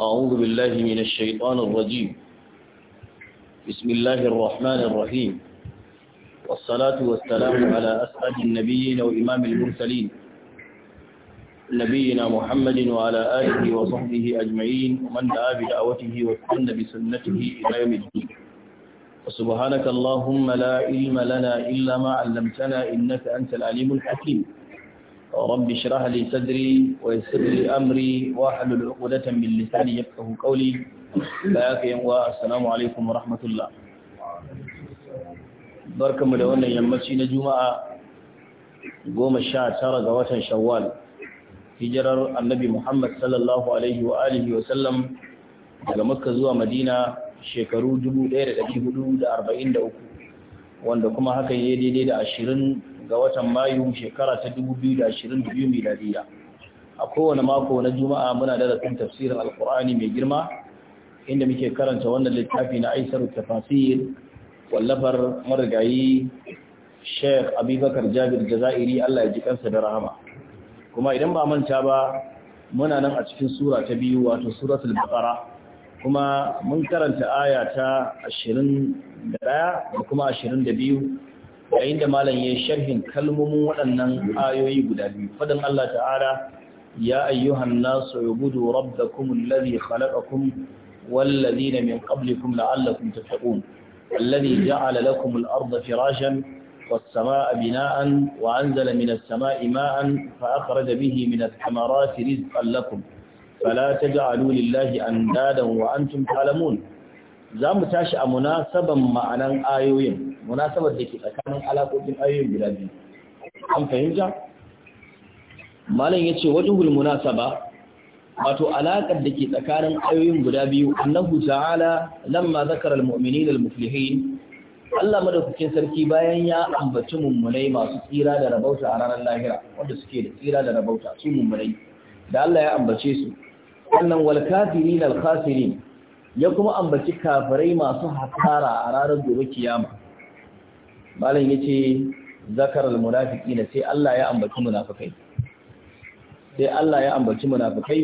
أعوذ بالله من الشيطان الرجيم بسم الله الرحمن الرحيم والصلاة والسلام على أسعد النبيين وإمام المرسلين نبينا محمد وعلى آله وصحبه أجمعين ومن دعا بدعوته واتن بسنته إلى يوم الدين وسبحانك اللهم لا علم لنا إلا ما علمتنا إنك أنت العليم الحكيم رب اشرح لي صدري ويسر لي امري واحلل عقدة من لساني يفقه قولي بارك السلام عليكم ورحمة الله barkamu da wannan yammaci na juma'a goma sha tara ga watan shawwal hijirar annabi muhammad sallallahu alaihi wa alihi wa sallam daga makka zuwa madina shekaru 1443 wanda kuma hakan ya daidai da ashirin ga watan Mayu shekara ta 2022 miladiya. A kowane mako na Juma'a muna darasin tafsirin Alkur'ani mai girma inda muke karanta wannan littafi na Aisar Tafasir wallafar marigayi Sheikh Abubakar Jabir Jazairi Allah ya ji kansa da rahama. Kuma idan ba manta ba muna nan a cikin sura ta biyu wato suratul Baqara kuma mun karanta aya ta 21 da kuma 22 yayin da malam ya sharhin kalmomin waɗannan ayoyi guda biyu fadin Allah ta'ala ya ayyuhan nasu ubudu rabbakum alladhi khalaqakum wal ladina min qablikum la'allakum tattaqun alladhi ja'ala lakum al-ardha firashan was samaa'a bina'an wa anzala min as-samaa'i ma'an fa akhraja bihi min ath-thamarati rizqan lakum fala taj'alu lillahi andadan wa antum ta'lamun zamu tashi amuna saban ma'anan ayoyin munasabar da ke tsakanin alaƙoƙin ayoyin guda biyu an fahimta malam yace wajhul munasaba wato alaƙar da ke tsakanin ayoyin guda biyu annahu ta'ala lamma zakara da almuflihin Allah madaukakin sarki bayan ya ambaci mummunai masu tsira da rabauta a ranar lahira wanda suke da tsira da rabauta su mummunai da Allah ya ambace su Wannan wal kafirin al khasirin ya kuma ambaci kafirai masu hasara a ranar gobe kiyama malam yace zakaral munafiqina sai Allah ya ambaci munafikai sai Allah ya ambaci munafikai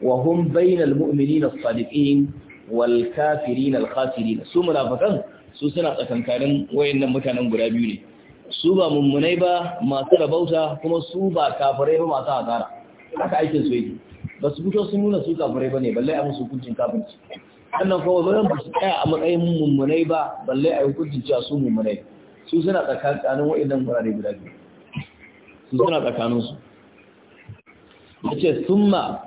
wa hum bainal mu'minina as-sadiqin wal kafirin al-khasirin su munafikan su suna tsakankanin wayannan mutanen guda biyu ne su ba mummunai ba masu rabauta kuma su ba kafirai ba masu hasara haka aikin su yake ba su fito sun nuna su kafirai ba ne balle a musu hukuncin kafirci sannan kawai ba su tsaya a matsayin mummunai ba balle a yi hukuncin cewa su mummunai su suna tsakanin waɗannan wurare guda biyu su suna tsakaninsu ya ce ma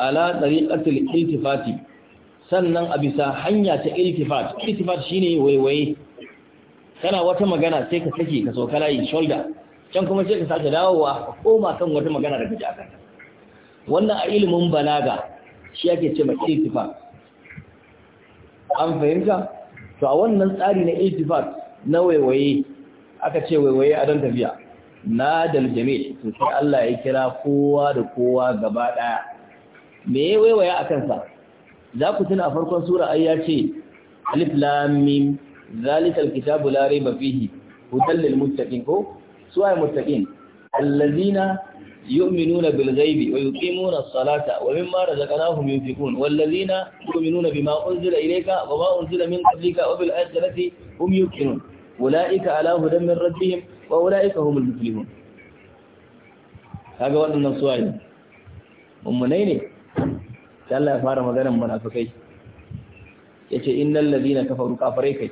ala ƙasar iltifati sannan a bisa hanya ta iltifat iltifat ne waiwaye kana wata magana sai ka sake ka sauka layi shoulder can kuma sai ka sake dawowa a koma kan wata magana da kaji akan wannan a ilimin balaga shi ake ce ma iltifat an fahimta to a wannan tsari na iltifat na waiwaye aka ce waiwaye a don tafiya na daljame to sai Allah ya kira kowa da kowa gaba ɗaya me ya waiwaye a kansa za ku tuna a farkon sura ai ya ce alif lam mim zalikal kitabu la raiba fihi hudal muttaqin ko suwaye muttaqin allazina يؤمنون بالغيب ويقيمون الصلاة ومما رزقناهم ينفقون والذين يؤمنون بما أنزل إليك وما أنزل من قبلك وبالآخرة هم يوقنون أولئك على هدى من ربهم وأولئك هم المفلحون kaga waɗannan suwaye mummunai ne sai Allah ya fara maganar munafikai yace innal ladina kafaru kafarai kai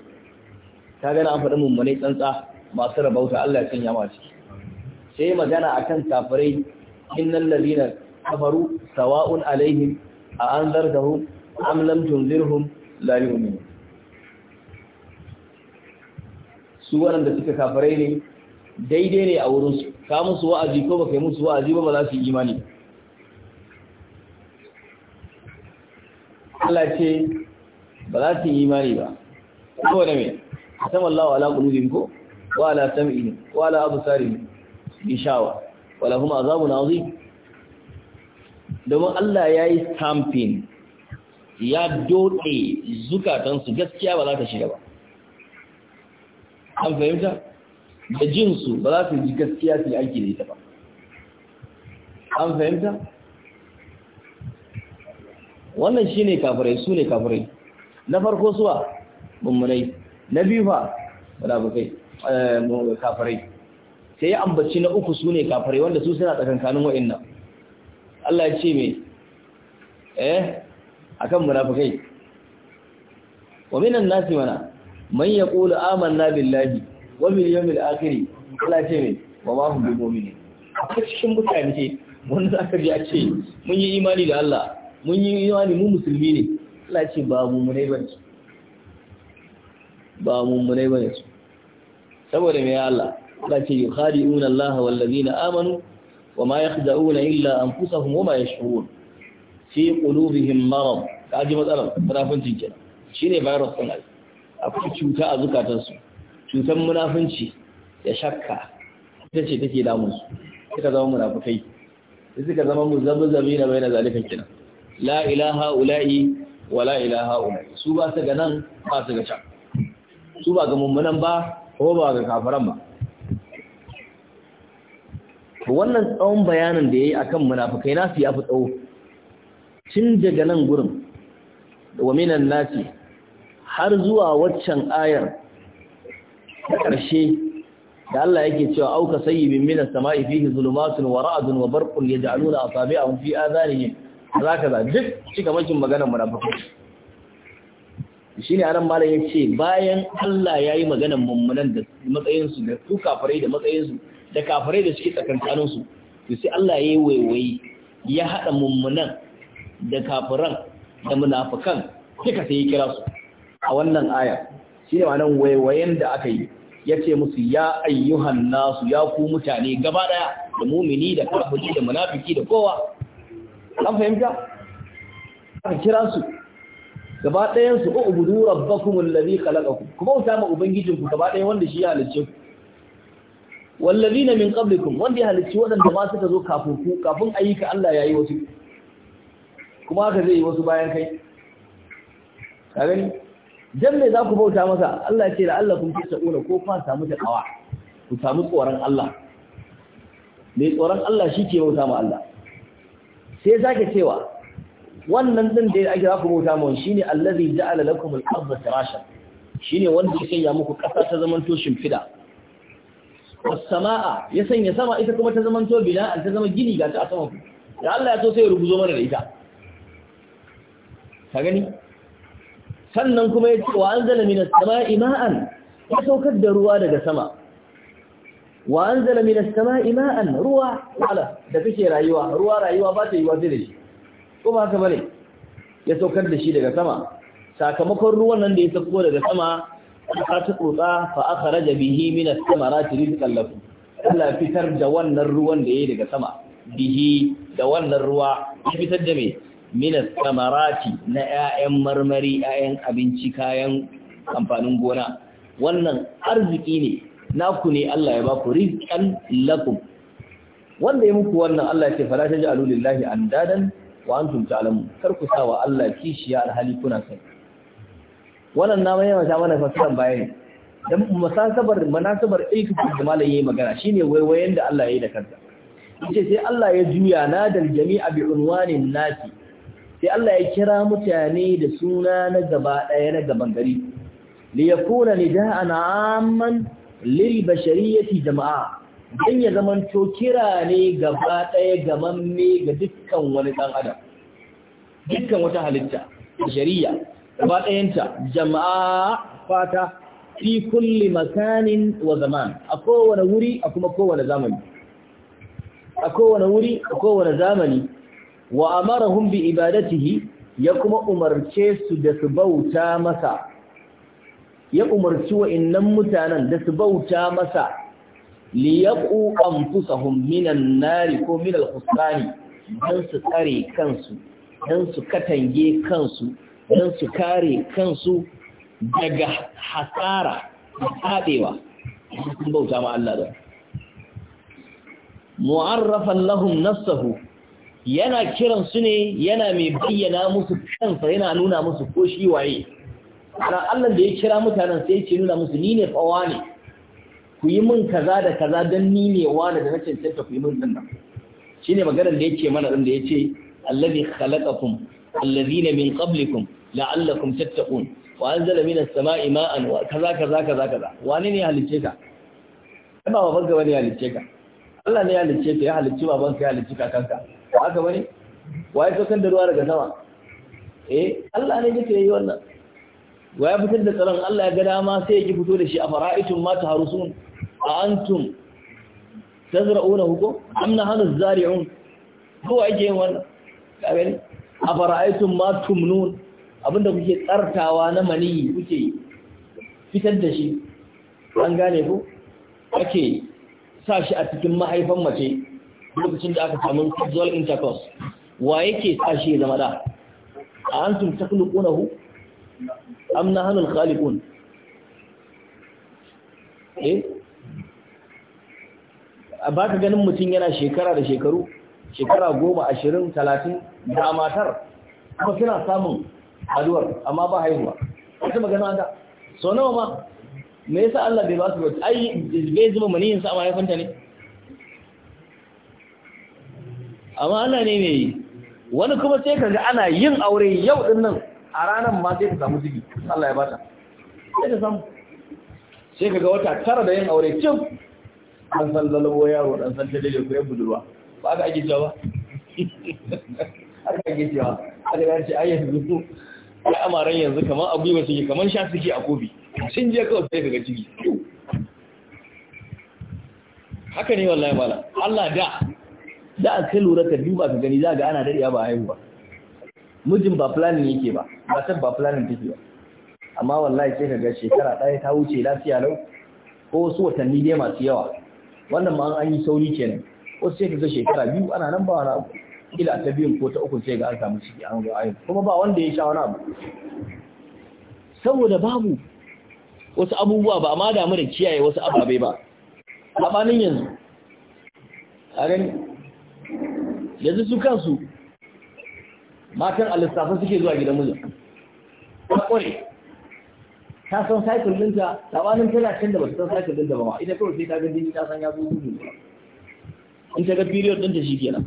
kaga na an faɗi tsantsa masu rabauta Allah ya sanya ma ciki sai magana akan kafirai innal ladina kafaru sawa'un alaihim a anzartahum am lam tunzirhum la yu'minu su waɗanda suka kafirai ne daidai ne a wurin su ka musu wa'azi ko baka yi musu wa'azi ba ba za su yi imani Allah ce ba za su yi imani ba da me sama Allah ala qulubihim ko wa ala sam'ihim wa ala absarihim ishawa wala kuma azabu nazi domin Allah ya yi stamping ya doɗe zukatansu gaskiya ba za ta shiga ba an fahimta da jinsu ba za su ji gaskiya su yi aiki da ita ba an fahimta wannan shi ne kafirai su ne kafirai na farko suwa mummunai na biyu wadda bukai eh, kafirai sai ambaci na uku su ne kafare wanda su suna tsakankanin wa'innan Allah ya ce mai eh akan munafikai wa minan nasi mana man yaqulu amanna billahi wa bil yawmil akhir Allah ya ce mai wa ma hum bimumin akwai cikin mutane ce wanda ka ji a ce mun yi imani da Allah mun yi imani mu musulmi ne Allah ya ce ba mu munai ba ba mu munai su, saboda me ya Allah lati yukhadi'una Allah wal ladina amanu wama yakhda'una illa anfusahum wama yash'urun fi qulubihim marad kaji matsalar munafincin kenan shine virus din ai akwai cuta a zukatansu cutar munafinci ya shakka ita ce take damun su suka zama munafikai sai suka zama muzabzabi na bayan zalikan kenan la ilaha ula'i wa la ilaha ula'i su ba su ga nan ba su ga can su ba ga mummunan ba ko ba ga kafaran ba to wannan tsawon bayanin da ya yi a kan munafukai na fi yafi tsawo Cin daga nan gurin da waminan nasi har zuwa waccan ayar da ƙarshe da Allah yake cewa auka sayyibin minas sama'i fihi zulumatun wa ra'dun wa barqun yaj'aluna asabi'ahum fi za ka za duk cika makin maganar munafukai. shi ne anan malam ya ce bayan Allah ya yi maganan mummunan da matsayinsu da su kafarai da matsayinsu da kafirai da suke tsakankanin su to sai Allah ya waiwayi ya hada mummunan da kafiran da munafikan duka sai ya kira su a wannan aya shine wannan waiwayen da aka yi yace musu ya ayyuhan nasu ya ku mutane gaba daya da mumini da kafiri da munafiki da kowa an fahimta aka kira su gaba ɗayan su ubudu rabbakum allazi khalaqakum kuma ku ma ubangijinku gaba ɗaya wanda shi ya halice ku wallazina min qablikum wanda ya halicci waɗanda ma suka zo kafin ku kafin ayyuka Allah ya yi wasu kuma haka zai yi wasu bayan kai ka gani dan me za ku bauta masa Allah ce da Allah kun fita una ko fa samu ta kawa ku samu tsoron Allah me tsoron Allah shi ke bauta ma Allah sai zaka cewa wannan din da ake za ku bauta ma shine allazi ja'ala lakum al-ardha firashan shine wanda ya sanya muku ƙasa ta zaman zamanto shimfida sama'a ya sanya sama ita kuma ta zama to an ta zama gini ga ta a sama ku da Allah ya so sai ya rubuzo mana da ita ka gani sannan kuma ya ce wa anzala minas sama'i ma'an ya saukar da ruwa daga sama wa anzala minas sama'i ma'an ruwa wala da kake rayuwa ruwa rayuwa ba ta yi wa da shi ko ba haka bane ya saukar da shi daga sama sakamakon ruwan nan da ya sauko daga sama ka ta tsotsa fa raja bihi mina sama rati rizikan lakum Allah fitar da wannan ruwan da ya yi daga sama bihi da wannan ruwa ya fitar da me mina as na 'ya'yan marmari 'ya'yan abinci kayan amfanin gona wannan arziki ne naku ne Allah ya ku rizikan lakum wanda ya muku wannan Allah ya ce fara ta ji alulillahi an dadan wa an alamu kar ku sa wa Allah kishiya alhali kuna sani wannan na mai mata mana fasiran bayani dan musasabar munasabar iltifat da malai yayi magana shine waiwayen da Allah yi da kansa ce sai Allah ya juya nadal jami'a bi unwanin nasi sai Allah ya kira mutane da suna na gaba na gaban gari li yakuna nida'an 'amman lil bashariyati jama'a don ya zamanto kira ne gaba ɗaya gaman ga dukkan wani ɗan adam dukkan wata halitta shari'a gaba jama'a fata fi kulli makanin wa zaman a kowane wuri a kuma kowane zamani a kowane wuri a kowane zamani wa amarahum bi ibadatihi ya kuma umarce su da su bauta masa ya umarci wa'annan mutanen da su bauta masa li yaqu anfusahum minan nari ko minal khusrani dan su tsare kansu dan su katange kansu don su kare kansu daga hasara da haɗewa. sun bauta ma Allah da mu'arrafan lahum nassahu yana kiran su ne yana mai bayyana musu kansa yana nuna musu ko shi waye ana Allah da ya kira mutanen sai ya nuna musu ni ne fawa ne ku yi min kaza da kaza don ni ne wani da na cancanta ku yi min dinnan ne maganar da yake mana ɗin da ya ce, yace allazi Allah allazina min ƙablikun, la'allakum tattaqun wa anzala minas sama'i ma'an wa kaza kaza kaza kaza wani ne halicce ka ba baban ka bane halicce ka Allah ne ya halicce ka ya halicci baban ka ya halicci kakanka Wa aka bane Wa ya kan da ruwa daga sama eh Allah ne yake yi wannan Wa ya fitar da tsaron Allah ya ga dama sai ya ki fito da shi a fara'itun ma harusun a antum tazra'unahu ko am nahnu zari'un ko ake yin wannan a fara'itun ma tumnun abinda kuke tsartawa na maniyi kuke fitar da shi an gane ku ake sa shi a cikin mahaifan mace lokacin da aka samu sexual intercourse wa yake sa shi zama da a an sun takhluqunahu am nahnu al-khaliqun eh ba ka ganin mutum yana shekara da shekaru shekara goma ashirin talatin da matar kuma suna samun haduwar amma ba haihuwa wata magana haka so nawa ma me yasa Allah bai ba su wata ai bai zuba maniyin sa amma ya fanta ne amma Allah ne mai wani kuma sai kaga ana yin aure yau din nan a ranar ma sai ka samu ciki Allah ya bata sai ka samu sai kaga wata tara da yin aure cin an san lalabo yaro dan san tade da kuren budurwa ba ka ake cewa ba? ka ake cewa aka ce ayyatu ya amaran yanzu kamar a gwiwa suke kamar sha suke a kofi sun je kawai sai daga ciki haka ne wallahi mala Allah da da a kai lura ka duba ka gani za ga ana dariya ba ba. mijin ba planning yake ba matar ba planning take ba amma wallahi sai ka ga shekara ɗaya ta wuce lafiya lau ko wasu watanni dai masu yawa wannan ma an yi sauri kenan wasu sai ka ga shekara biyu ana nan ba wani abu kila ta biyun ko ta ukun sai ga an samu ciki an ga ayin kuma ba wanda ya sha wani abu saboda babu wasu abubuwa ba ma damu da kiyaye wasu ababe ba labanin yanzu a yanzu su kansu matan alistafin suke zuwa gidan mijin ta kware ta san cycle dinta labanin tana can da ba su san cycle dinta ba ma ita kawai sai ta gandini ta san ya zo gudu in ta ga period ta shi kenan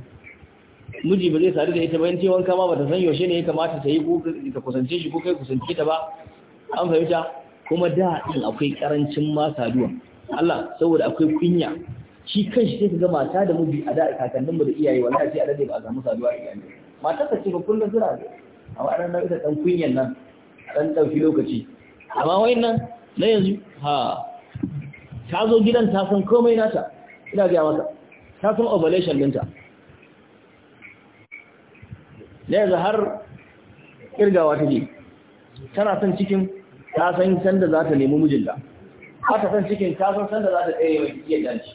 miji ba zai sadu da ita ba yanci ce wanka ma bata san yaushe ne ya kamata ta yi ko ka kusance shi ko kai kusance ta ba an fahimta kuma da in akwai karancin ma saduwa Allah saboda akwai kunya shi kanshi sai kaga mata da miji a da kakannin mu da iyaye wallahi sai a dade ba a samu saduwa a iyaye mata ta ce ba kullun ba a wannan nan ita dan kunyan nan dan dauki lokaci amma wayannan na yanzu ha ta zo gidan ta san komai nata ina ga maka ta san ovulation ɗinta da yanzu har kirgawa take tana son cikin ta san sanda za ta nemi mijinta ba ta san cikin ta san sanda za ta tsaye wa iya danci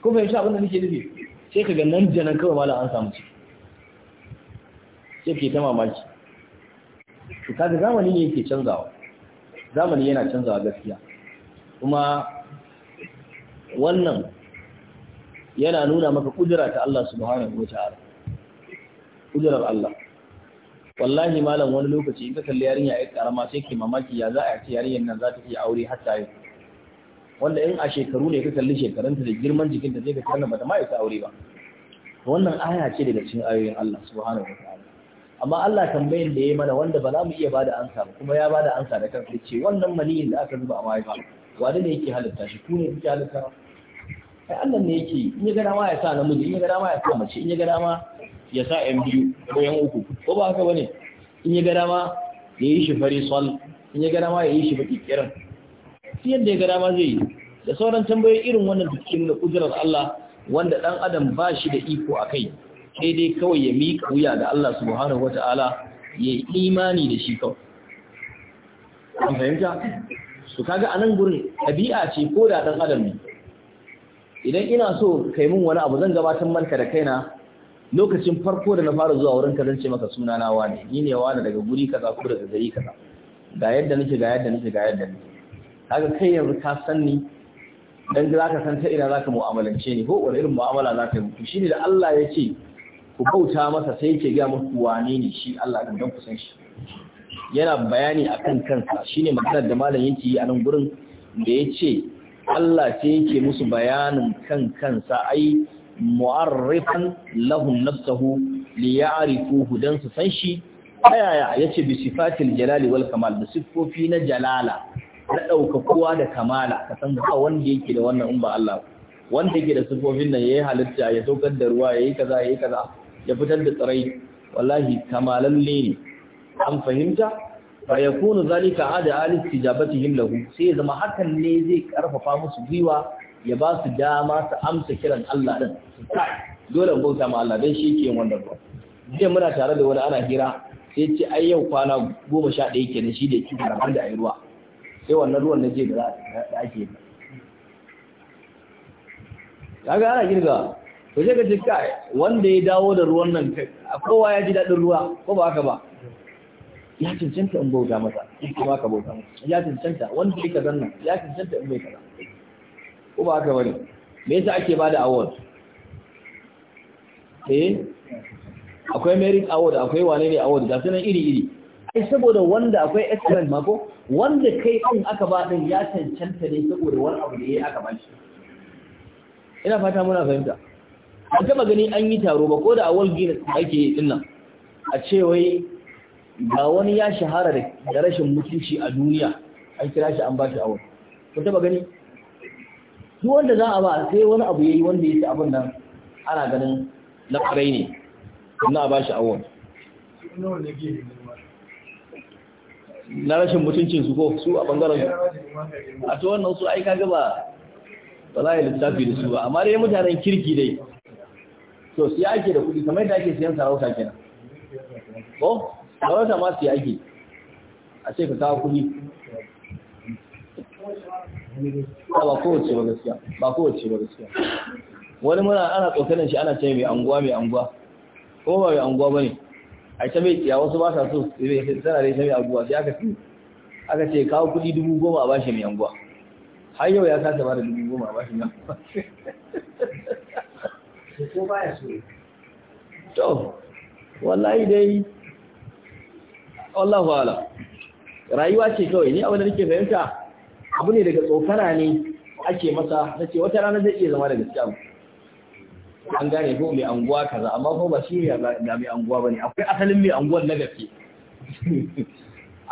ko bai abin da nake nufi sai ka ga nan da kawai malam an samu ci. sai ke ta mamaki to kaga zamani ne yake canzawa zamani yana canzawa gaskiya kuma wannan yana nuna maka kudura ta Allah subhanahu wa ta'ala kujerar Allah wallahi malam wani lokaci in ka kalli yarinya a karama sai ke mamaki ya za a ce yarinyar nan za ta iya aure har ta yi wanda in a shekaru ne ka kalli shekarunta da girman jikinta sai ka kalli bata ma'aikata aure ba wannan aya ce daga cikin ayoyin Allah subhanahu wataala amma Allah tambayin da ya mana wanda ba za mu iya bada ansa ba kuma ya bada ansa da kansa ce wannan maniyin da aka zuba a mahaifa wani ne yake halitta shi ku ne kuke halitta ai Allah ne yake in ya ga dama ya sa namiji in ya ga dama ya sa mace in ya ga dama ya sa yan biyu ko yan uku ko ba haka bane in ya ga dama ya yi shi fari sol in ya ga dama ya yi shi baki kiran shi yadda ya ga dama zai yi da sauran tambayoyi irin wannan da cikin Allah wanda dan adam ba shi da iko a kai sai dai kawai ya miƙa wuya da Allah subhanahu wataala ya yi imani da shi kawai an fahimta su kaga anan gurin ɗabi'a ce ko da dan adam ne idan ina so kai mun wani abu zan gabatar marka da kaina lokacin farko da na fara zuwa wurin ka zan ce maka suna na wane ni ne wane daga guri kaza ko daga gari kaza ga yadda nake ga yadda nake ga yadda nake kaga kai yanzu ka san ni dan za ka san ta ina za ka mu'amalance ni ko wani irin mu'amala za ka yi to shine da Allah ya ce ku bauta masa sai yake ga muku wane ne shi Allah din dan ku san shi yana bayani akan kansa shine maganar da malam yake yi a nan gurin da ya ce Allah sai yake musu bayanin kan kansa ai mu'arrifan lahum nafsahu li dan su san shi ayaya yace bi sifatil jalali wal kamal da Sifofi na jalala na ɗaukakuwa da kamala ka san ba wanda yake da wannan in Allah wanda yake da sifofin nan yayi halitta ya saukar da ruwa yayi kaza yayi kaza ya fitar da tsirai wallahi Kamalan ne an fahimta fa yakunu zalika ada al istijabatihim lahu sai zama hakan ne zai karfafa musu gwiwa ya ba su dama su amsa kiran Allah ɗin dole bauta ma Allah don shi ke wanda ba jiya muna tare da wani ana hira sai ce ai yau kwana goma sha ɗaya ke da shi da kifin karɓar da yi ruwa sai wannan ruwan na je da za a ake yi kaga ana girga to sai ka ce kai wanda ya dawo da ruwan nan kowa ya ji daɗin ruwa ko ba haka ba ya cancanta in bauta masa in kuma ka bauta masa ya cancanta wanda ya kazan nan ya cancanta in bai kaza ko ba haka bane me yasa ake bada award eh akwai merit award akwai wane ne award ga sunan iri iri ai saboda wanda akwai excellent mako wanda kai din aka ba din ya cancanta ne saboda wani abu da yayi aka ba shi ina fata muna fahimta an taba gani an yi taro ba ko da awal gina ake yi dinnan a ce wai ga wani ya shahara da rashin mutunci a duniya an kira shi an ba shi awal ko taba gani duk wanda za a ba sai wani abu yayi wanda yake abin nan ana ganin na ne na ba shi awon na rashin mutuncin su ko su a bangaren su a to wannan su ai kaga ba ba littafi da su ba amma dai mutanen kirki dai to sai ake da kuɗi kamar yadda ake siyan sarauta kenan ko sarauta ma sai ake a ce ka kawo kuɗi ba kowace ba gaskiya ba kowace ba gaskiya wani muna ana tsokanin shi ana ce mai anguwa mai anguwa ko ba mai anguwa bane a ta mai tsiya wasu ba sa so sana da ta mai anguwa sai aka fi aka ce kawo kudi dubu goma a bashi mai anguwa har yau ya kasa ba da dubu goma a bashi mai anguwa so to wallahi dai wallahu ala rayuwa ce kawai ni abin da nake fahimta abu ne daga tsofara ne ake masa na ce wata rana zai iya zama da gaskiya an gane ko mai anguwa kaza amma ko ba shi ne ga mai anguwa bane akwai asalin mai anguwar na gaske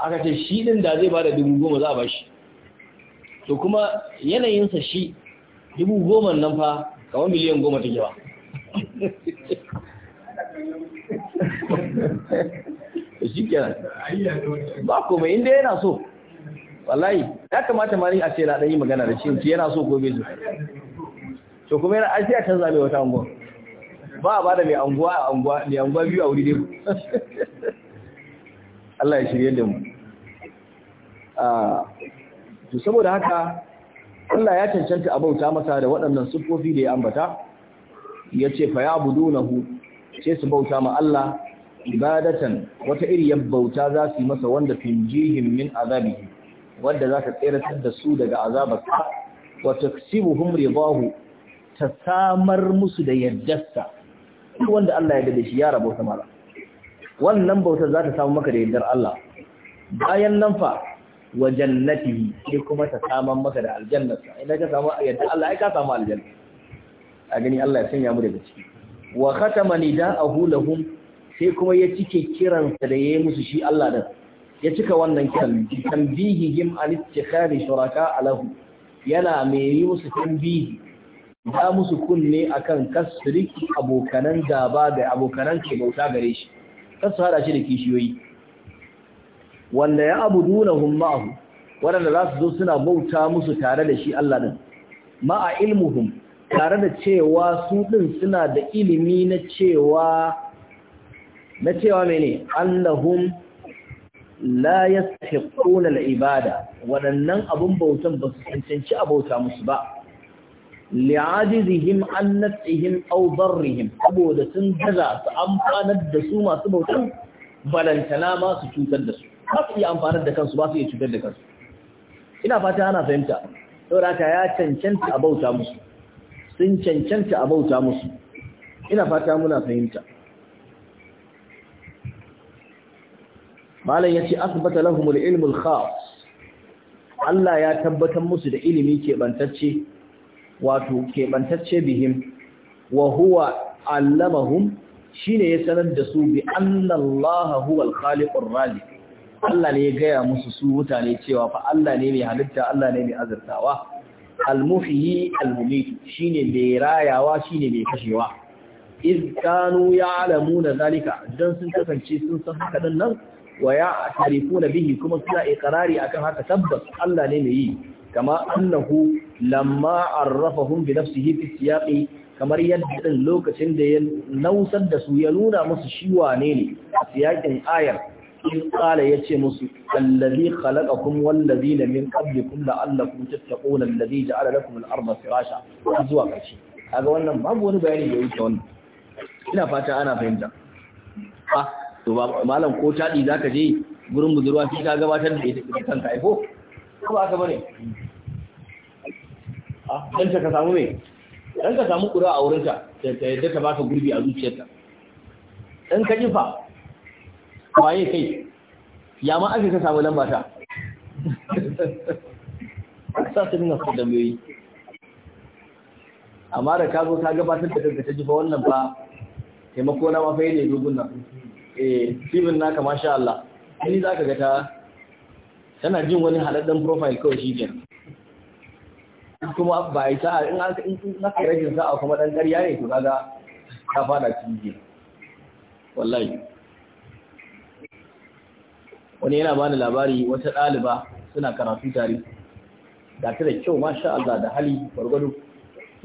aka ce shi din da zai bada dubu goma za a bashi to kuma yanayinsa shi dubu goma nan fa kamar miliyan goma take ba shi kenan ba komai inda yana so wallahi ya kamata ma ni a ce na dan yi magana da shi yana so gobe su to kuma yana ajiya can zabe wata anguwa ba a bada mai anguwa a anguwa mai anguwa biyu a wuri dai Allah ya shirye da mu ah to saboda haka Allah ya cancanta a bauta masa da waɗannan siffofi da ya ambata ya ce fa yabudunahu ce su bauta ma Allah ibadatan wata ya bauta za su yi masa wanda tunjihim min azabihi wanda za ka tseratar da su daga azabarka wa taksibuhum ridahu ta samar musu da yaddarsa duk wanda Allah ya dade shi ya rabo samara wannan bautar za ta samu maka da yaddar Allah bayan nan fa wa jannatihi sai kuma ta saman maka da aljannarsa idan ka samu yadda Allah ai ka samu aljanna a gani Allah ya sanya mu daga ciki wa khatama nida'ahu lahum sai kuma ya cike kiransa da yayi musu shi Allah da ya cika wannan him an ittikhari shuraka alahu yana mai yi musu tambihi da musu kunne akan kasriki abokanan gaba da abokanan ke bauta gare shi kasu hada shi da kishiyoyi wanda ya abudunahum ma'ahu waɗanda za su zo suna bauta musu tare da shi Allah din ma'a ilmuhum tare da cewa su ɗin suna da ilimi na cewa na cewa mene annahum la yastahiqquna al-ibada waɗannan abun bautan ba su cancanci abauta musu ba li'adizihim an nafsihim aw darrihim saboda sun daza su amfanar da su masu bautan balantana ma su cutar da su ba su iya amfanar da kansu ba su iya cutar da kansu ina fata ana fahimta saboda ka ya cancanta abauta musu sun cancanta abauta musu ina fata muna fahimta malam ya ce asbata lahumul ilmul khas Allah ya tabbatar musu da ilimi keɓantacce wato keɓantacce bihim wa huwa allamahum shine ya sanar da su bi annallaha huwal khaliqur razik Allah ne ya gaya musu su mutane cewa fa Allah ne mai halitta Allah ne mai azurtawa almuhyi shi ne mai rayawa shine mai kashewa iz kanu ya'lamuna zalika dan sun kasance sun san haka din nan wa ya tarifuna bihi kuma suna iqrari akan haka tabbas Allah ne mai yi kama annahu lamma arrafahum bi nafsihi fi siyaqi kamar yadda din lokacin da ya nausar da su ya nuna musu shi wane ne a siyakin ayar in qala yace musu allazi khalaqakum wallazina min qablikum la'allakum tattaqun allazi ja'ala lakum al-ardha firasha zuwa karshe kaga wannan babu wani bayani da yake wannan ina fata ana fahimta ah to ba malam ko tadi zaka je gurin budurwa sai ka gabatar da ita kanka aiko ko ba ka bane a ah, dan ka samu me dan ka samu kura a wurinka ta yadda ta baka gurbi a zuciyarka dan ka jifa waye kai ya ma aka ka samu lamba ta sa ta dinga su mai amma da ka zo ka gabatar da kanka ta jifa wannan ba taimako na mafayi ne dogon nan eh naka masha Allah ni za ka ga tana jin wani haladdan profile kawai shi ke kuma ba a yi sa'a in aka yi rashin sa'a kuma ɗan ƙarya ne to kaga ta fada cikin wallahi wani yana bani labari wata ɗaliba suna karatu tare da ta da kyau masha Allah da hali gwargwado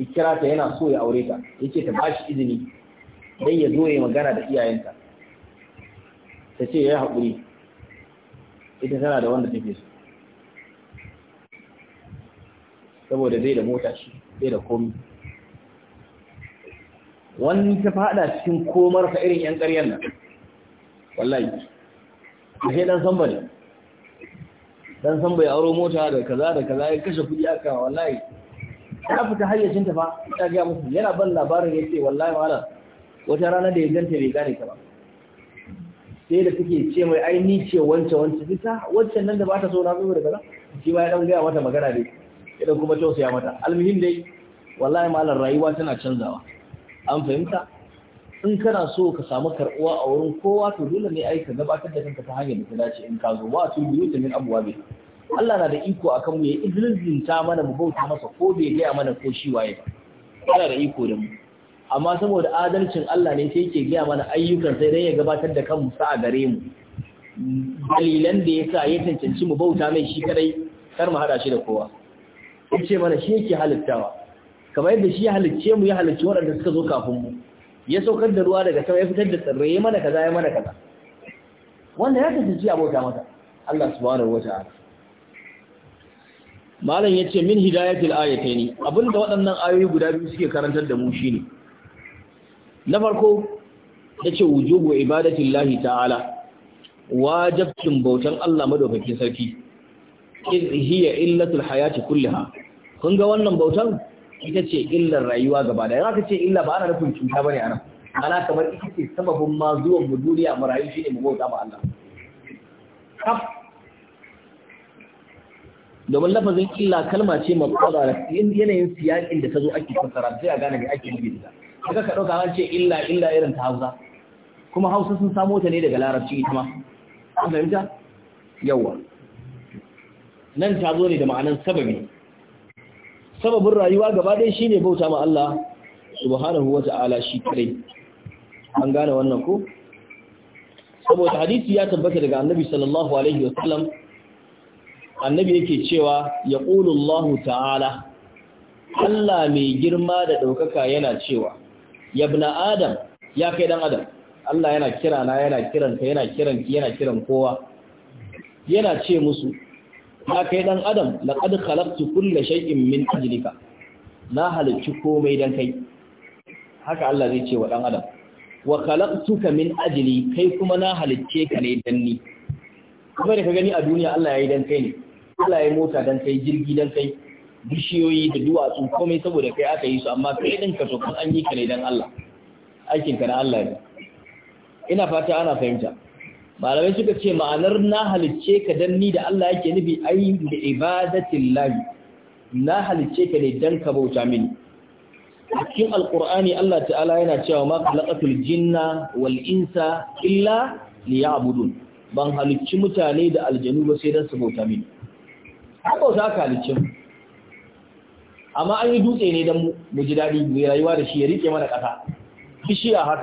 ikira ta yana so ya aure ta yake ta bashi izini dai ya zo ya magana da iyayenta ta ce ya yi haƙuri ita tana da wanda take so saboda zai da mota shi zai da komi wani ta fada cikin komar sa irin yan ƙaryen nan wallahi a sai dan samba ne dan samba ya auro mota da kaza da kaza ya kashe kuɗi aka wallahi ta fita hayyacin ta fa ta ga musu yana ban labarin yace wallahi wala wata rana da ya ganta bai gane ta ba sai da suke ce mai ainihi ce wance wance fita wancan nan da ba ta so na zuwa daga shi ma ya dan gaya mata magana dai idan kuma kuma tausaya mata Almihim dai wallahi malar rayuwa tana canzawa an fahimta in kana so ka samu karbuwa a wurin kowa to dole ne ai ka gabatar da kanka ta hanyar da ta dace in ka zo wa tu biyu ta min abuwa bi Allah na da iko akan mu ya idlizinta mana mu bauta masa ko bai gaya mana ko shi waye ba Allah da iko da mu amma saboda adalcin Allah ne sai yake gaya mana ayyukan sai dai ya gabatar da kanmu sa a gare mu dalilan da ya sa ya cancanci mu bauta mai shi kadai kar mu hada shi da kowa yace mana shi yake halittawa kamar yadda shi ya halicce mu ya halicci waɗanda suka zo kafin mu ya saukar da ruwa daga sama ya fitar da tsirrai ya mana kaza ya mana kaza wanda ya tantance a bauta mata, Allah subhanahu wata'ala malam yace min hidayatil ayataini abinda waɗannan ayoyi guda biyu suke karantar da mu shine na farko ta ce wujubu ibadatin lahi ta'ala wajabcin bautan Allah madaukakin sarki in hiya illatul hayati kulliha kun ga wannan bautan ita ce illar rayuwa gaba da yana ce illa ba ana nufin cuta bane ana ana kamar ita ce sababin ma zuwan mu duniya mu rayu shine mu bauta ma Allah kaf domin lafazin illa kalma ce mabada da yanayin siyakin da ta zo ake fassara sai a gane me ake nufi da kaga ka dauka an ce illa illa irin ta Hausa kuma Hausa sun samo ta ne daga Larabci ita ma an fahimta yawa nan ta zo ne da ma'anan sababi sababin rayuwa gaba ɗaya shine bauta ma Allah subhanahu wata'ala shi kare. an gane wannan ko saboda hadisi ya tabbata daga annabi sallallahu alaihi wasallam annabi yake cewa ya ƙulullahu ta'ala Allah mai girma da ɗaukaka yana cewa ya bna adam ya kai dan adam Allah yana kira na yana kiran ka yana kiran ki yana kiran kowa yana ce musu ya kai dan adam laqad khalaqtu kulla shay'in min ajlika na halicci komai dan kai haka Allah zai ce wa dan adam wa khalaqtuka min ajli kai kuma na halicce ka ne dan ni kuma da ka gani a duniya Allah ya yi dan kai ne Allah yayi mota dan kai jirgi dan kai bishiyoyi da duwatsu komai saboda kai aka yi su amma kai din ka so kan an yi ka ne dan Allah aikin ka na Allah ne ina fata ana fahimta malamai suka ce ma'anar na halicce ka dan ni da Allah yake nufi ai da ibadatin lahi na halicce ka ne dan ka bauta mini a cikin alqur'ani Allah ta'ala yana cewa ma khalaqatul jinna wal insa illa liya'budun ban halicci mutane da aljanu ba sai dan su bauta mini haka za ka halicce mu amma an yi dutse ne don mu ji daɗi mai rayuwa da shi ya rike mana ƙasa bishiya haka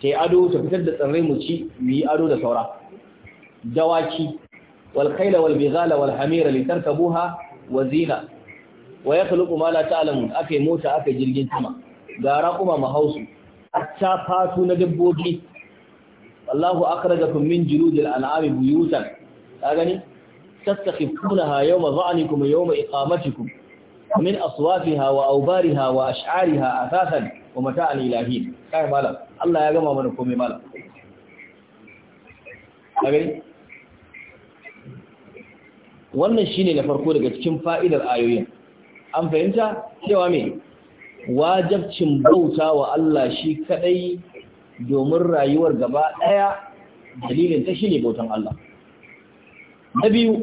ta yi ado ta fitar da tsirrai mu ci mu yi ado da saura dawaki wal khayla wal bighala wal hamira li tarkabuha wa zina wa kuma lati alamun aka yi mota yi jirgin sama gara kuma mahausu ta fatu na dabbobi wallahu akhrajakum kumin juludil al'ami buyutan ka gani kuna ha yau ma kuma yau ma yawma iqamatikum min aswafiha wa aubariha wa ash'ariha asasan wa mata'al ilahin kai malam Allah ya gama mana komai malam kage wannan shine na farko daga cikin fa'idar ayoyin an fahimta cewa me wajabcin bauta wa Allah shi kadai domin rayuwar gaba daya dalilin ta shine bautan Allah na biyu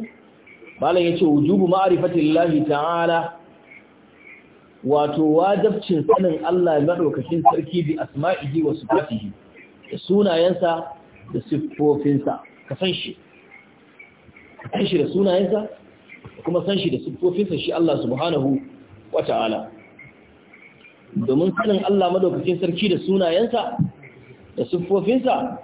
malam yace wujubu ma'rifati Allah ta'ala wato wajabcin sanin Allah ya madaukakin sarki bi asma'ihi wa sifatihi da sunayensa da siffofinsa ka san shi san shi da sunayensa kuma san shi da siffofinsa shi Allah subhanahu wa ta'ala domin sanin Allah madaukakin sarki da sunayensa da siffofinsa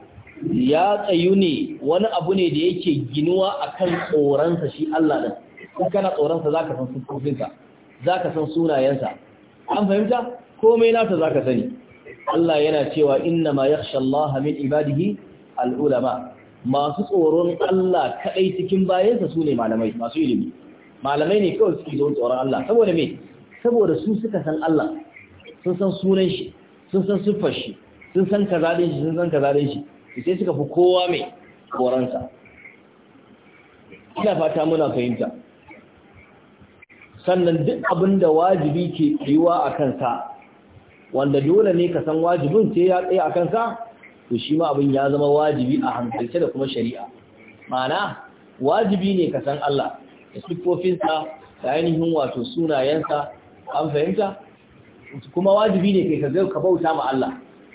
ya tsayu ne wani abu ne da yake ginuwa akan tsoronsa shi Allah da in kana tsoronsa zaka san siffofinsa za ka san sunayensa an fahimta komai nasa za ka sani Allah yana cewa inna ma yakhsha Allah min ibadihi Al'ulama. masu tsoron Allah kaɗai cikin bayansa sune malamai masu ilimi malamai ne kawai suke don tsoron Allah saboda me saboda su suka san Allah sun san sunan shi sun san siffar shi sun san kaza shi sun san kaza shi sai suka fi kowa mai tsoron sa ina fata muna fahimta sannan duk abin da wajibi ke tsayuwa a kansa wanda dole ne ka san wajibin ce ya tsaye a kansa to shi ma abin ya zama wajibi a hankalce da kuma shari'a ma'ana wajibi ne ka san Allah da siffofinsa da ainihin wato sunayensa an fahimta kuma wajibi ne kai ka ka bauta ma Allah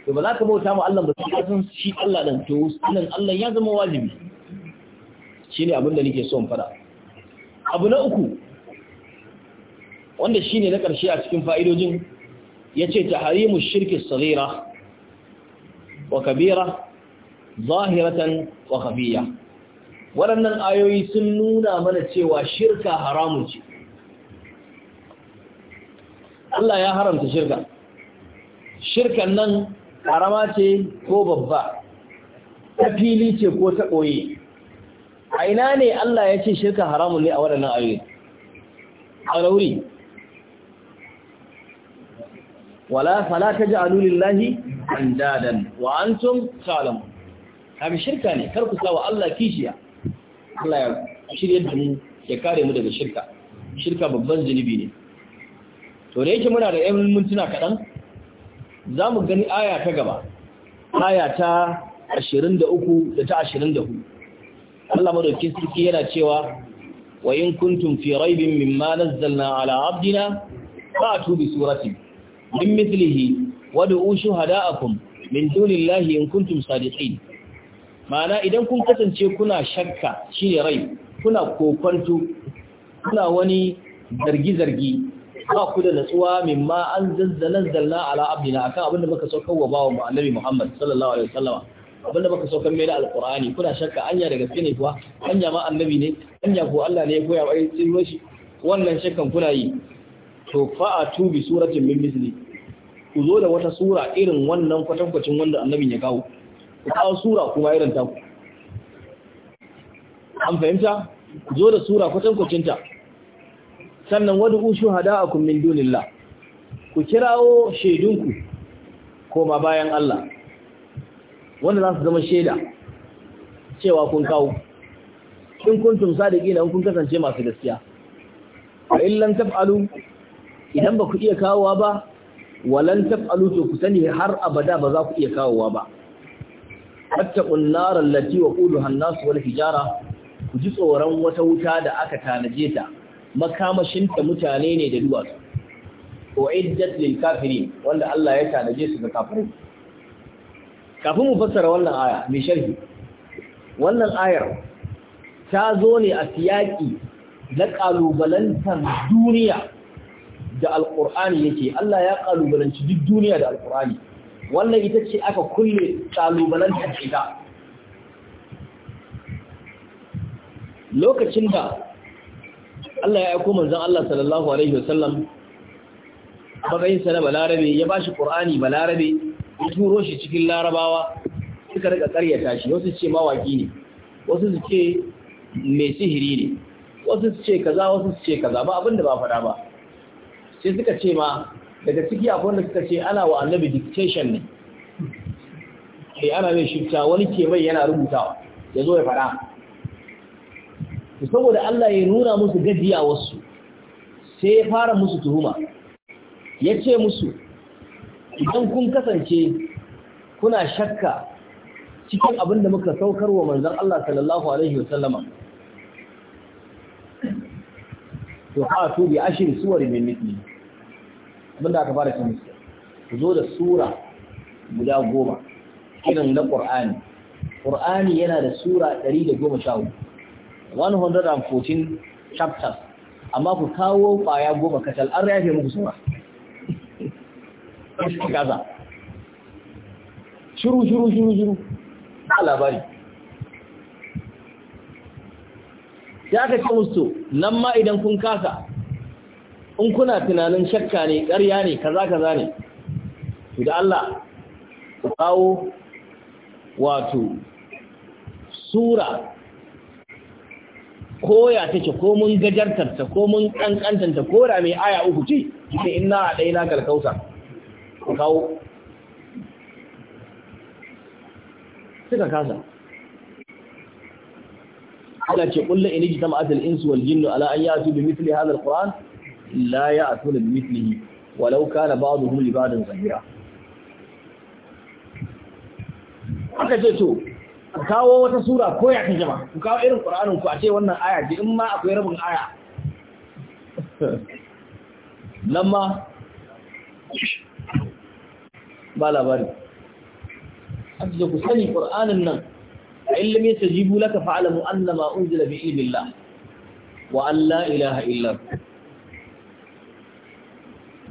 to ba za ka bauta ma Allah ba sai san shi Allah dan to sunan Allah ya zama wajibi shine abin da nake so in abu na uku wanda shi ne na ƙarshe a cikin fa'idojin yace tahrimu shirki saghira wa kabira zahiratan wa khafiya waɗannan ayoyi sun nuna mana cewa shirka haramun ce Allah ya haramta shirka shirkan nan karama ce ko babba ta fili ce ko ta ɓoye a ina ne Allah ya ce shirka haramun ne a waɗannan ayoyi a rauri wala fala taj'alu lillahi andadan wa antum ta'lamun kabi shirka ne kar ku wa Allah kishiya Allah ya shirya da mu ya kare mu daga shirka shirka babban zunubi ne to da yake muna da ƴan mintuna kaɗan za mu gani aya ta gaba aya ta 23 da ta 24 Allah madaukakin sarki yana cewa wa in kuntum fi raibin mimma nazzalna ala abdina fa'tu bi suratin min mithlihi wad'u shuhada'akum min dunillahi in kuntum sadiqin ma'ana idan kun kasance kuna shakka shine rai kuna kokonto kuna wani zargi-zargi ba ku da natsuwa mimma an zazzalna ala abdina akan abinda muka saukar wa bawan mu annabi Muhammad sallallahu alaihi wasallama abinda baka saukan mai da alkur'ani kuna shakka anya da gaske ne kuwa anya ma annabi ne anya ko Allah ne ya koya wa sai shi wannan shakkan kuna yi to fa atu bi suratin min misli ku zo da wata sura irin wannan kwatankwacin wanda annabin ya kawo ku kawo sura kuma irin taku an fahimta ku zo da sura kwatankwacinta sannan wadda ushu a min dunilla ku kirawo shaidunku koma bayan Allah wanda za su zama shaida cewa kun kawo in da gina kun kasance masu gaskiya A illan taf'alu idan ba ku iya kawowa ba walan taf'alu to ku sani har abada ba za ku iya kawowa ba attaqun nar allati waquduha an-nas wal hijara ku ji tsoron wata wuta da aka tanaje ta makamashin ta mutane ne da duwatsu uiddat lil kafirin wanda Allah ya tanaje su ga kafirai kafin mu fassara wannan aya mai sharhi wannan ayar ta zo ne a siyaki na kalubalantar duniya da alƙur'ani yake Allah ya ƙalubalanci duk duniya da alƙur'ani wannan ita ce aka kulle ƙalubalanta ita lokacin da Allah ya aiko manzon Allah sallallahu alaihi wasallam matsayin sa na balarabe ya bashi qur'ani balarabe ya turo shi cikin larabawa suka rika karyata shi wasu ce mawaki ne wasu su ce mai sihiri ne wasu su ce kaza wasu su ce kaza ba abinda ba faɗa ba sai suka ce ma daga ciki akwai wanda suka ce ana wa annabi dictation ne ke eh, ana mai shifta wani ke mai yana rubutawa ya zo ya faɗa saboda Allah ya nuna musu gajiya wasu sai ya fara musu tuhuma ya ce musu idan kun kasance kuna shakka cikin abin da muka saukar wa manzan Allah sallallahu Alaihi wasallama to ha su bi ashirin suwar min abinda aka fara musu ku zo da sura guda goma irin na ƙur'ani ƙur'ani yana da sura da goma 114 114 chapters amma ku kawo ƙwaya goma kacal an rafe muku sura gaza shiru shiru shiru shiru ba labari ya ka ce musu nan ma idan kun kasa in kuna tunanin shakka ne ƙarya ne kaza kaza ne to da Allah ku kawo wato sura koya take ko mun gajartarta ko mun kankantanta ko da mai aya uku ce sai inna alaina kalkausa ku kawo suka kasa Allah ce kullu inji tama'atul insu wal jinnu ala ayati bi mithli hadha al la ya atuna bi mithlihi walau kana ba'dhum li ba'dhin aka ce to ku kawo wata sura koya ta kan jama ku kawo irin qur'anin ku a ce wannan aya ce in ma akwai rabin aya nan ma ba labari an ce ku sani qur'anin nan a ilmi yastajibu laka fa'lamu annama unzila bi ilmillah wa an la ilaha illa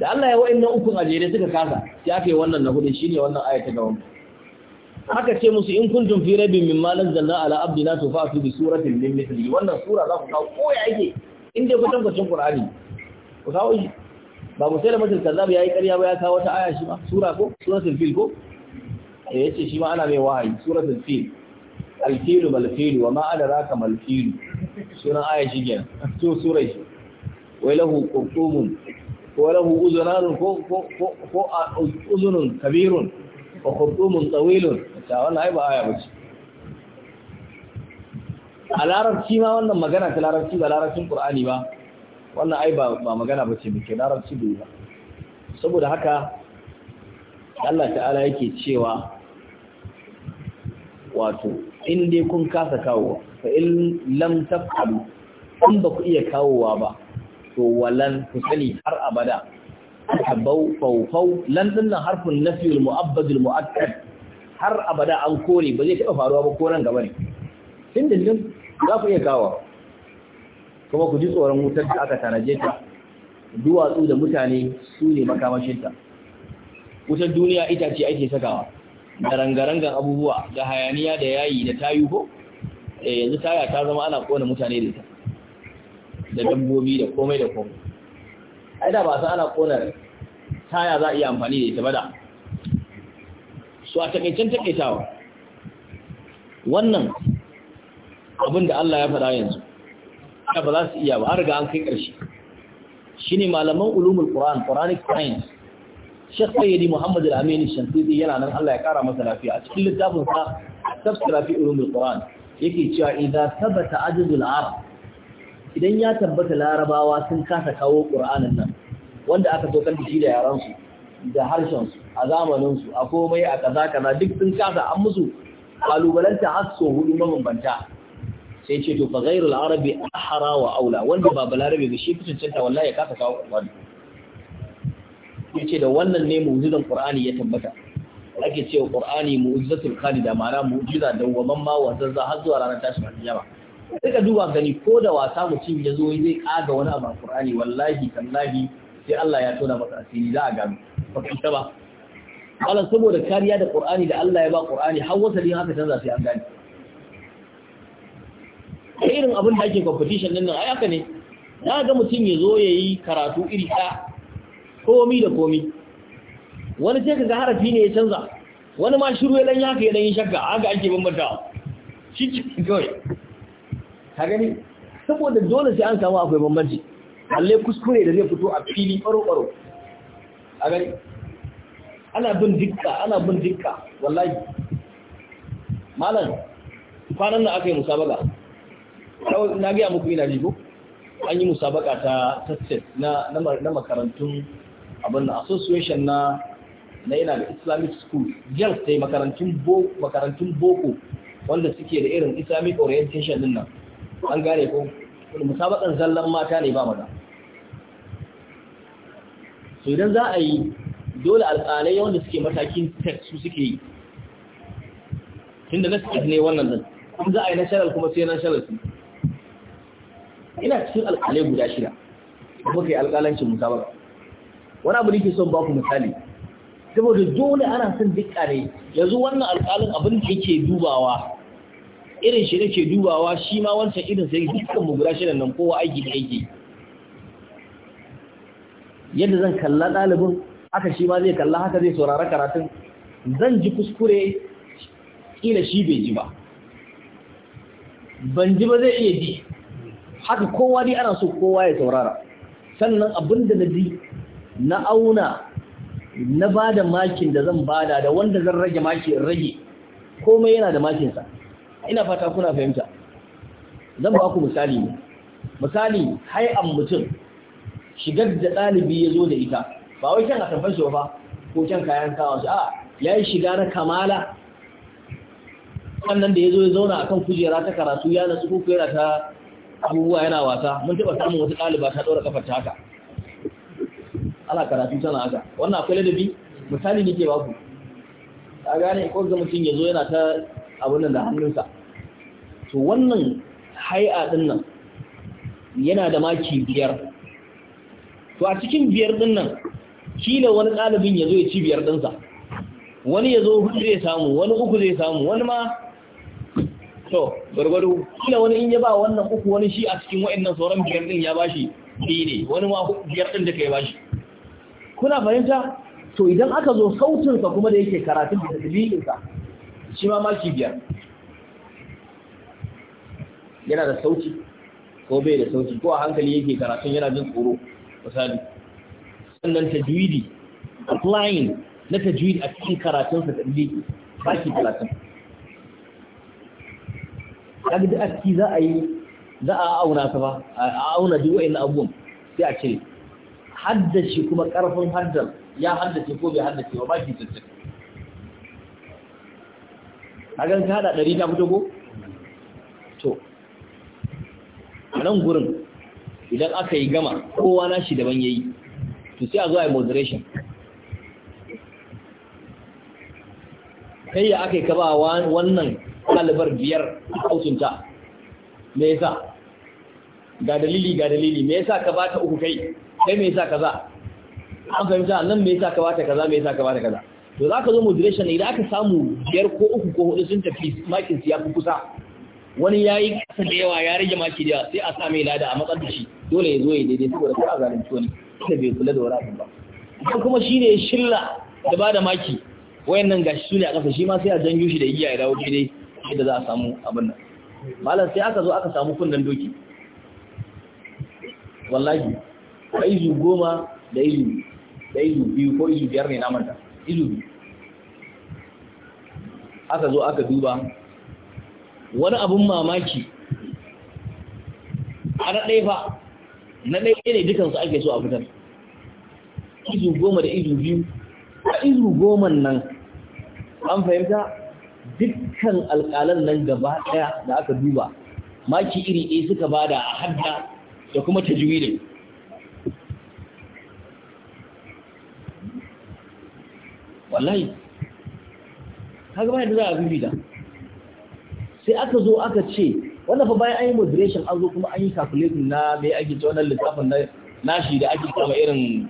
da Allah ya nan ukun ajere suka kasa ya kai wannan na hudu shine wannan aya ta gaban aka ce musu in kuntum fi rabbin mimma zanna ala abdina tufa'tu bi suratin min mithlihi wannan sura za ku kawo ko ya ake? in dai kutan kucin qur'ani ku kawo shi ba mu sai da mutum kazzab yayi ƙarya ba ya kawo ta aya shi ma sura ko suratul fil ko eh yace shi ma ana mai wahayi suratul fil alfilu malfilu wa ma adraka malfilu sunan aya shi kenan to sura shi wai lahu وله أذنان أذن كبير وخرطوم طويل wannan ai ba aya a larabci ma wannan magana ta larabci ba larabcin qur'ani ba wannan ai ba ba magana bace muke larabci bai ba saboda haka Allah ta'ala yake cewa wato in dai kun kasa kawowa fa in lam taf'alu in ba ku iya kawowa ba to walan ku sani har abada tabau faufau lan dinnan harfin nafiyul mu'abbadul mu'akkad har abada an kore ba zai taɓa faruwa ba ko nan gaba ne dindindin za ku iya kawo kuma ku ji tsoron wutar da aka tanaje ta duwatsu da mutane su ne makamashinta wutar duniya itace ake sakawa da rangarangan abubuwa da hayaniya da yayi da tayu ko eh, yanzu taya ta zama ana kona mutane da ita da dabbobi da komai da komai ai da ba su ana kona taya za a iya amfani da ita ba da su a takaicen takaitawa wannan abin da Allah ya faɗa yanzu ba za su iya ba har ga an kai ƙarshe shi ne malaman ulumul Qur'an Quranic science Sheikh Sayyidi Muhammad Al-Amin Shantidi yana nan Allah ya kara masa lafiya a cikin littafin sa Tafsir fi ulumul Qur'an yake cewa idza tabbata ajdul arab idan ya tabbata larabawa sun kasa kawo ƙur'anin nan wanda aka so kan shi da yaransu da harshensu a zamaninsu a komai a kaza kaza duk sun kasa an musu kalubalanta har so hudu mabambanta sai ce to fa arabi ahra wa aula wanda ba Larabi ba shi fitancanta wallahi ya kasa kawo ƙur'ani yace da wannan ne mu'jizan qur'ani ya tabbata ake cewa qur'ani mu'jizatul khalida ma'ana mu'jiza dawwaman ma wa zazza har zuwa ranar tashin alƙiyama rika duba gani ko da wasa mutum ya zo zai kaga wani abu Qur'ani wallahi tallahi sai Allah ya tona masa asiri za a gano ba kai ta ba Allah saboda kariya da Qur'ani da Allah ya ba Qur'ani har wasalin haka canza sai an gane sai irin abin da ake competition din nan ai haka ne na ga mutum ya zo ya yi karatu iri ɗaya komi da komi wani sai ka ga harafi ne ya canza wani ma shiru ya dan yi haka ya dan yi shakka haka ake bambanta shi kawai ka gani saboda dole sai an samu akwai bambanci balle kuskure da zai fito a fili baro-baro a gani ana bin dukka ana bin dukka wallahi malam kwanan nan aka yi musabaka na gaya muku ina jiko an yi musabaka ta tattet na makarantun abin na association na na yana da islamic school girls ta makarantun boko wanda suke da irin islamic orientation din nan an gane ko musabakan zallan mata ne ba maza su idan za a yi dole alƙalai wanda suke matakin tek su suke yi tunda na suke ne wannan zan kuma za a yi na kuma sai na su ina cikin alƙalai guda shida kuma kai alƙalancin musabaka wani abu ne ke son baku misali saboda dole ana son dukkanai yanzu wannan alƙalin abin da yake dubawa irin shi nake dubawa shi ma wancan irin sai dukkan mu guda shirin nan kowa aiki da yake yadda zan kalla ɗalibin haka shi ma zai kalla haka zai saurara karatun zan ji kuskure kila shi bai ji ba ban ji ba zai iya ji haka kowa dai ana so kowa ya saurara sannan abin da na ji na auna na bada makin da zan bada da wanda zan rage makin rage komai yana da makinsa ina fata kuna fahimta zan ba ku misali ne misali hai'an mutum shigar da ɗalibi ya zo da ita ba wai kyan a tafai ba ko kyan kayan kawo shi a ya yi shiga na kamala wannan da ya zo ya zauna akan kujera ta karatu ya nasu ko kujera ta abubuwa yana wasa mun taɓa samun wata ɗaliba ta ɗora kafar ta haka ana karatu tana haka wannan akwai ladabi misali nake ba ku a gane ko ga mutum ya zo yana ta abin da hannunsa to wannan hai'a din nan yana da maki biyar to a cikin biyar din nan kila wani ɗalibin ya zo ya ci biyar ɗinsa wani ya zo hudu zai samu wani uku zai samu wani ma to gwargwado kila wani in ya ba wannan uku wani shi a cikin wa'annan sauran biyar ɗin ya bashi ɗaya ne wani ma biyar ɗin da ka yi bashi kuna fahimta to idan aka zo sautinsa kuma da yake karatun da dalilinsa shi ma maki biyar yana da sauti ko bai da sauti ko a hankali yake karatun yana jin tsoro misali sannan tajwidi applying na tajwidi a cikin karatunsa da ɗin baki talatin kaga duk ciki za a yi za a auna ta ba a auna duk wa'in abubuwan sai a cire haddace kuma ƙarfin haddar ya haddace ko bai haddace ba baki tattaka kagan ka hada ɗari ta fito ko to a nan gurin idan aka yi gama kowa na shi daban yayi to sai a zo a moderation kai ya aka yi ka wannan ɗalibar biyar autunta me yasa ga dalili ga dalili me yasa ka ba ta uku kai kai me yasa kaza an fahimta nan me yasa ka ba ta kaza me yasa ka ba ta kaza to za ka zo ne idan aka samu biyar ko uku ko hudu sun tafi makin ya fi kusa wani ya yi kasa da yawa ya rage maki da sai a sa mai lada a matsar da shi dole ya zo ya daidai saboda wadda a zalunci wani ta bai kula da wani ba ko kuma shi ne shirya da ba da maki wayannan gashi su ne a kasa shi ma sai a janyo shi da igiya ya dawo daidai yadda za a samu abin nan malam sai aka zo aka samu kunnen doki wallahi a izu goma da izu da izu biyu ko izu biyar ne na manta izu biyu aka zo aka duba wani abun mamaki a na ɗaya fa na ɗaya ne dukansu ake so a fitar izu goma da izu biyu a izu goman nan an fahimta dukkan alƙalan nan gaba ɗaya da aka duba maki iri ɗaya suka ba a hadda da kuma tajwidin wallahi kaga bayan da za a da. sai aka zo aka ce wannan fa bayan an yi moderation an zo kuma an yi calculation na me ake ce wannan littafin na nashi da ake kama irin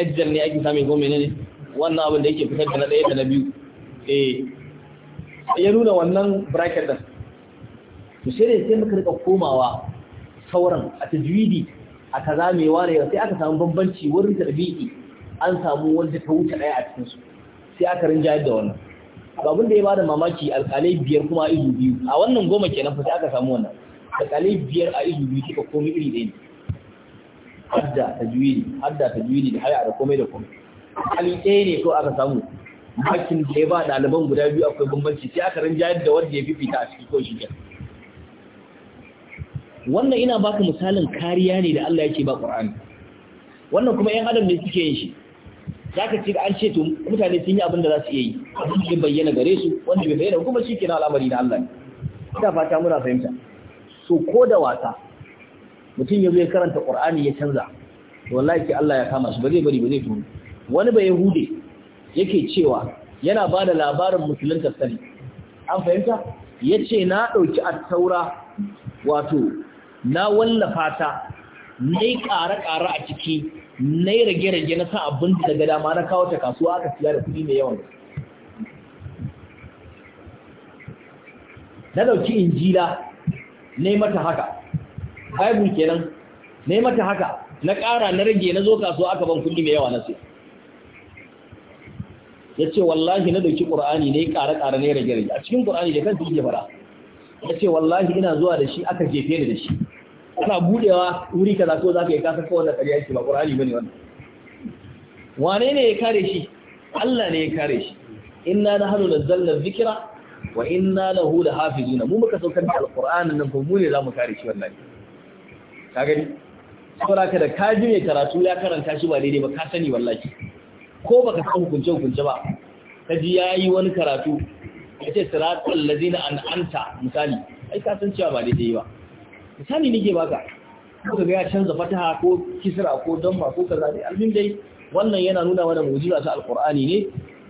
ejjan eh, ne ake sami gome ne wannan abin da yake fitar da na ɗaya da na biyu eh ya nuna wannan bracket din to sai sai muka rika komawa sauran a tajwidi a kaza mai ware sai aka samu bambanci wurin tarbiyi an samu wanda ta wuce ɗaya a cikin su sai aka rinjayar da wannan to abin da ya bada mamaki alƙalai biyar kuma a izu biyu a wannan goma kenan fa sai aka samu wannan alƙalai biyar a izu biyu suka komai iri ɗaya ne hadda ne hadda ne da haya da komai da komai alƙali ɗaya ne ko aka samu makin da ya ba ɗaliban guda biyu akwai bambanci sai aka rinjayar da wanda ya fifita a cikin ko shi wannan ina baka misalin kariya ne da Allah yake ba Qur'ani wannan kuma 'yan adam ne suke yin shi za ka ce an ce to mutane sun yi abin da za su iya yi abin da bayyana gare su wanda bai bayyana kuma shi na al'amari na Allah ne ina fata muna fahimta so ko da wasa mutum ya zo ya karanta Qur'ani ya canza wallahi ki Allah ya kama shi ba zai bari ba zai tuni wani ba yahude yake cewa yana ba da labarin musulun sani an fahimta ya ce na ɗauki attaura wato na wallafa ta na yi ƙara-ƙara a ciki na yi rage-rage na sa abin da daga dama na kawo ta kasuwa aka siya da kuɗi mai yawan na ɗauki injila ne mata haka bible kenan ne mata haka na ƙara na rage na zo kasuwa aka ban kuɗi mai yawa na sai ya ce wallahi na ɗauki ƙur'ani ne kara-kara ne rage-rage a cikin ƙur'ani da kan su fara ya ce wallahi ina zuwa da shi aka jefe ni da shi kana budewa wuri kaza ko zaka yi kasar kawai shi ba, yake ba ne bane wannan wane ne ya kare shi Allah ne ya kare shi inna na da zallar zikira wa inna na hu da hafi zuna mu muka saukar da alqur'anin nan ko mu ne mu kare shi wannan ka gani saboda ka da ka ji mai karatu ya karanta shi ba daidai ba ka sani wallahi ko baka san hukunce hukunce ba ka ji ya yi wani karatu ya ce siratal ladina an'anta misali ai ka san cewa ba daidai ba misali ba baka ko ga ya canza fataha ko kisra ko damma ko kaza dai almin dai wannan yana nuna mana mu'jiza ta alqur'ani ne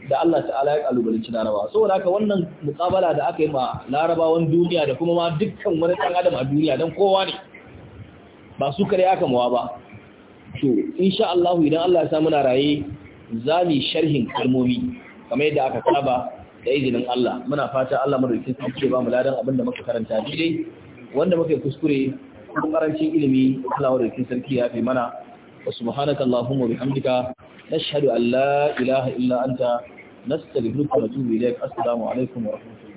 da Allah ta'ala ya kalubalanci larabawa saboda haka wannan muqabala da aka yi ma larabawan duniya da kuma ma dukkan wani dan adam a duniya dan kowa ne ba su kare aka mawa ba to insha Allah idan Allah ya sa muna raye zami sharhin kalmomi kamar yadda aka saba da izinin Allah muna fata Allah mu sarki ba mu ladan abinda da muka karanta dai wanda muke kuskure ko karancin ilimi Allah wa rikin sarki ya fi mana wa subhanaka allahumma bihamdika nashhadu an la ilaha illa anta nastaghfiruka wa natubu ilaik assalamu alaikum wa rahmatullahi